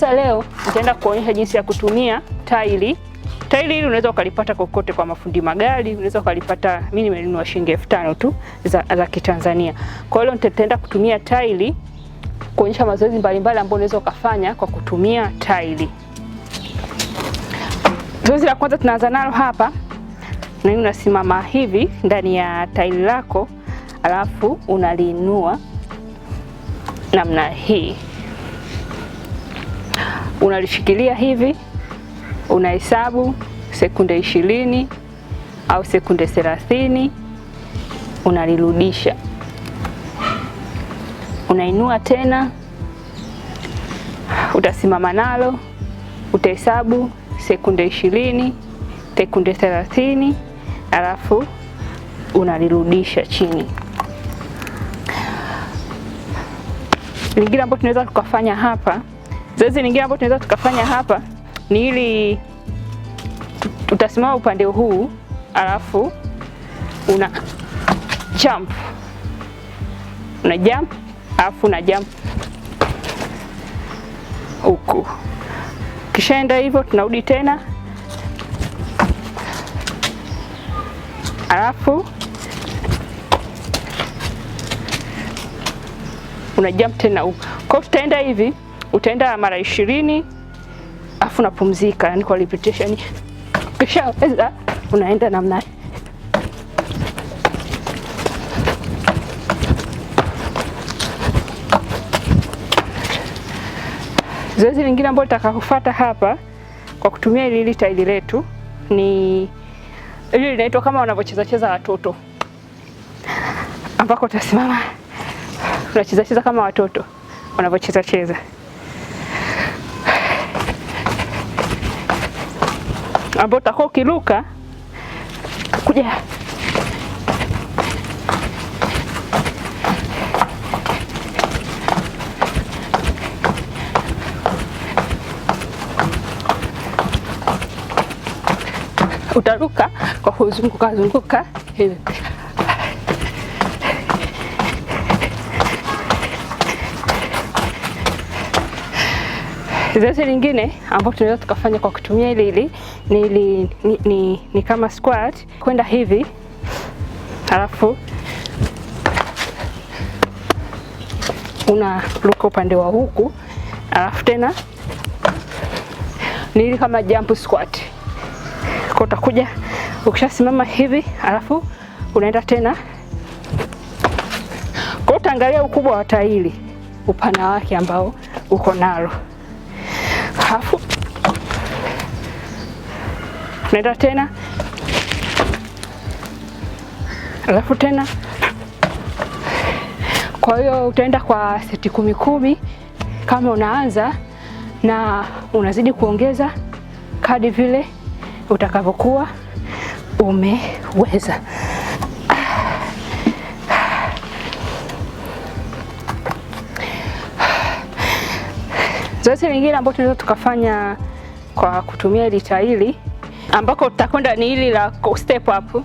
Sasa leo nitaenda kuonyesha jinsi ya kutumia taili. Taili hili unaweza ukalipata kokote kwa mafundi magari, unaweza ukalipata, mimi nimenunua shilingi elfu tano tu za, za Kitanzania. Kwa hiyo nitaenda kutumia taili kuonyesha mazoezi mbalimbali ambayo unaweza ukafanya kwa kutumia taili. Zoezi la kwanza tunaanza nalo hapa, na unasimama hivi ndani ya taili lako, alafu unaliinua namna hii unalishikilia hivi, unahesabu sekunde ishirini au sekunde thelathini, unalirudisha, unainua tena, utasimama nalo, utahesabu sekunde ishirini, sekunde thelathini, alafu unalirudisha chini. Lingine ambalo tunaweza tukafanya hapa Zoezi lingine ambalo tunaweza tukafanya hapa ni ili utasimama upande huu, alafu una jump, una jump, alafu una jump huku. Kishaenda hivyo, tunarudi tena, alafu una jump tena huku. Kwa hiyo tutaenda hivi utaenda mara ishirini afu unapumzika, yani kwa repetition. Ukishaweza unaenda namna Zoezi lingine ambalo nitakakufuata hapa kwa kutumia hili tairi letu ni ili linaitwa kama wanavyocheza cheza watoto, ambako utasimama unacheza cheza kama watoto wanavyocheza cheza. ambao utakuwa ukiruka kuja utaruka kwa kuzunguka zunguka hivi. Zoezi lingine ambao tunaweza tukafanya kwa kutumia ile ile ni, ni, ni, ni, kama squat kwenda hivi halafu unaruka upande wa huku alafu tena ni ile kama jump squat. Kwa utakuja ukishasimama hivi alafu unaenda tena kwa, utaangalia ukubwa wa tairi, upana wake ambao uko nalo. naenda tena, alafu tena. Kwa hiyo utaenda kwa seti kumi kumi kama unaanza na unazidi kuongeza kadi vile utakavyokuwa umeweza. Zoezi lingine ambalo tunaweza tukafanya kwa kutumia lita hili ambako tutakwenda ni hili la step up.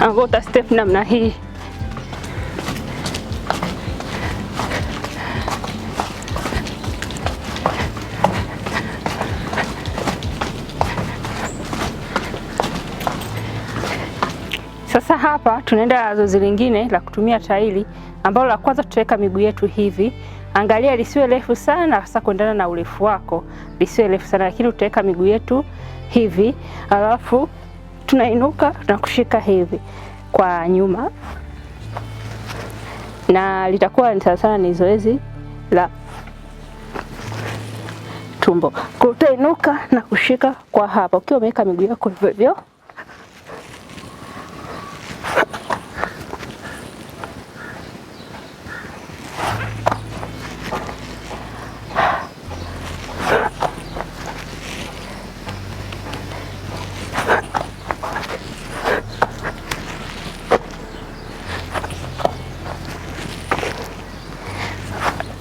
Ambao uta step namna hii Sasa hapa tunaenda zoezi lingine la kutumia taili ambalo la kwanza tutaweka miguu yetu hivi. Angalia lisiwe refu sana, hasa kuendana na urefu wako, lisiwe refu sana lakini tutaweka miguu yetu hivi, alafu tunainuka na kushika hivi kwa nyuma, na litakuwa sana sana ni zoezi la tumbo. kutainuka na kushika kwa hapa ukiwa umeweka miguu yako hivyo hivyo.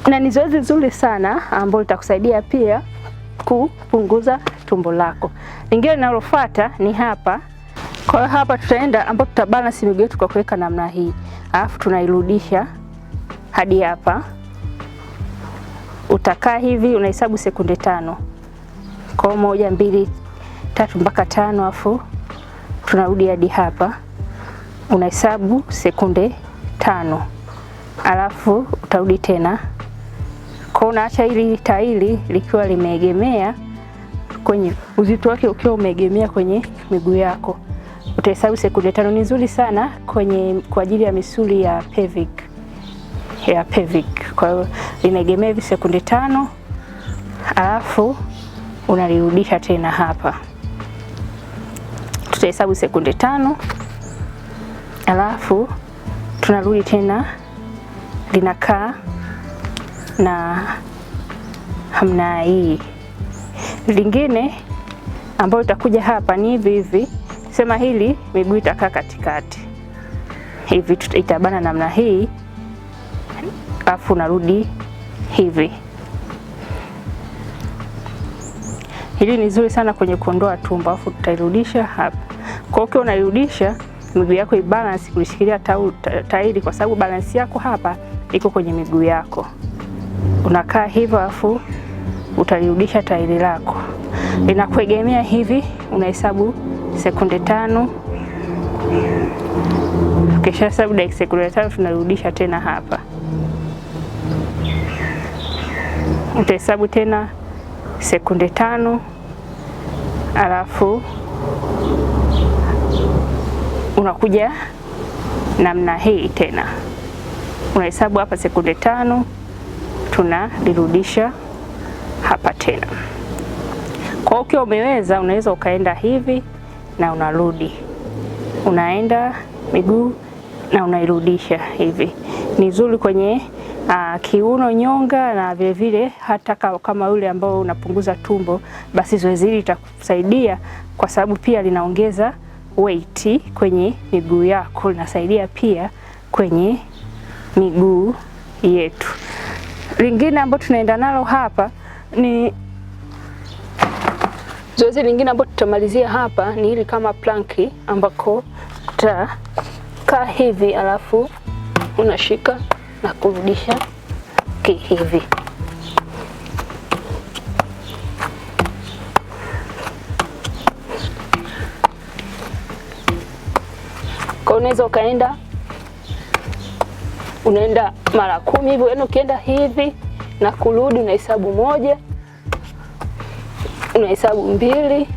na ni zoezi nzuri sana ambalo litakusaidia pia kupunguza tumbo lako. Lingine linalofuata ni hapa. Kwa hiyo hapa tutaenda ambapo tutabalance miguu yetu kwa kuweka namna hii, alafu tunairudisha hadi hapa. Utakaa hivi, unahesabu sekunde tano. Kwa moja, mbili, tatu mpaka tano, alafu tunarudi hadi hapa, unahesabu sekunde tano, alafu utarudi tena kwa unaacha hili tairi likiwa limeegemea kwenye uzito wake ukiwa umeegemea kwenye miguu yako, utahesabu sekunde tano. Ni nzuri sana kwenye kwa ajili ya misuli ya pelvic ya pelvic. Kwa hiyo linaegemea hivi sekunde tano, alafu unalirudisha tena hapa, tutahesabu sekunde tano, alafu tunarudi tena linakaa na hamna hii lingine ambayo itakuja hapa ni hivi hivi, sema hili miguu itakaa katikati hivi, itabana namna hii, afu narudi hivi. Hili ni zuri sana kwenye kuondoa tumbo, afu tutairudisha hapa. Kwa hiyo unairudisha miguu yako ibalance kulishikilia tairi, kwa sababu balansi yako hapa iko kwenye miguu yako unakaa hivyo, afu utalirudisha tairi lako linakuegemea hivi, unahesabu sekunde tano. Ukisha hesabu dakika sekunde tano, tunarudisha tena hapa, utahesabu tena sekunde tano, alafu unakuja namna hii tena, unahesabu hapa sekunde tano tunalirudisha hapa tena. Kwa ukiwa umeweza, unaweza ukaenda hivi na unarudi, unaenda miguu na unairudisha hivi. Ni zuri kwenye uh, kiuno, nyonga na vilevile hata kama yule ambao unapunguza tumbo, basi zoezi hili litakusaidia kwa sababu pia linaongeza weight kwenye miguu yako, linasaidia pia kwenye miguu yetu. Lingine ambalo tunaenda nalo hapa ni zoezi lingine ambalo tutamalizia hapa ni hili kama planki, ambako tutakaa hivi alafu unashika na kurudisha kihivi. Kwa unaweza ukaenda unaenda mara kumi hivyo, yaani ukienda hivi na kurudi unahesabu moja, unahesabu mbili,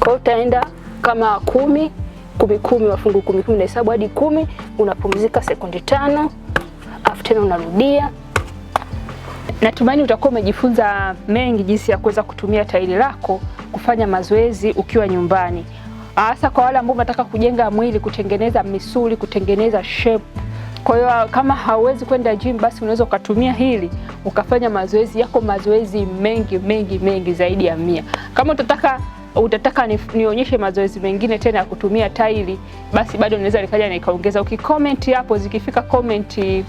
kwa utaenda kama kumi kumi kumi, mafungu kumi kumi, unahesabu hadi kumi, unapumzika sekundi tano, afu tena unarudia. Natumaini utakuwa umejifunza mengi jinsi ya kuweza kutumia tairi lako kufanya mazoezi ukiwa nyumbani hasa kwa wale ambao unataka kujenga mwili, kutengeneza misuli, kutengeneza shape. Kwa hiyo kama hauwezi kwenda gym, basi unaweza ukatumia hili ukafanya mazoezi yako, mazoezi mengi mengi mengi zaidi ya mia. Kama utataka utataka nionyeshe mazoezi mengine tena ya kutumia taili, basi bado naweza nikaja nikaongeza. Ukikomenti hapo, zikifika komenti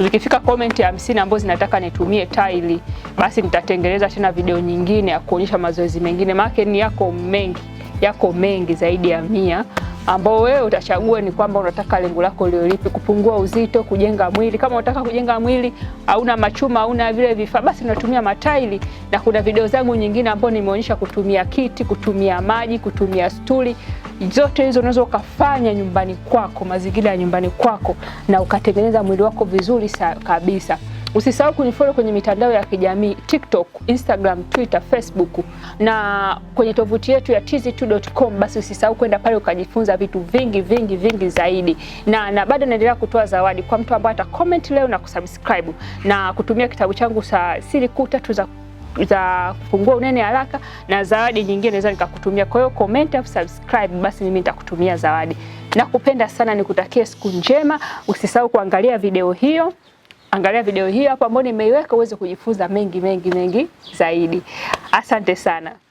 zikifika komenti hamsini ambazo zinataka nitumie taili, basi nitatengeneza tena video nyingine ya kuonyesha mazoezi mengine, maana ni yako mengi yako mengi zaidi ya mia ambao wewe utachagua ni kwamba unataka lengo lako lio lipi, kupungua uzito, kujenga mwili. Kama unataka kujenga mwili, hauna machuma, hauna vile vifaa, basi unatumia mataili. Na kuna video zangu nyingine ambao nimeonyesha kutumia kiti, kutumia maji, kutumia stuli. Zote hizo unaweza ukafanya nyumbani kwako, mazingira ya nyumbani kwako, na ukatengeneza mwili wako vizuri kabisa. Usisahau kunifollow kwenye mitandao ya kijamii TikTok, Instagram, Twitter, Facebook na kwenye tovuti yetu ya tz2.com. Basi usisahau kwenda pale ukajifunza vitu vingi vingi vingi zaidi, na, na bado naendelea kutoa zawadi kwa mtu ambaye ata comment leo na kusubscribe na kutumia kitabu changu saa siri kuu tatu za za kufungua unene haraka na zawadi nyingine naweza nikakutumia. Kwa hiyo comment au subscribe, basi mimi nitakutumia zawadi. Nakupenda sana, nikutakie siku njema. Usisahau kuangalia video hiyo angalia video hii hapo ambayo nimeiweka uweze kujifunza mengi mengi mengi zaidi. Asante sana.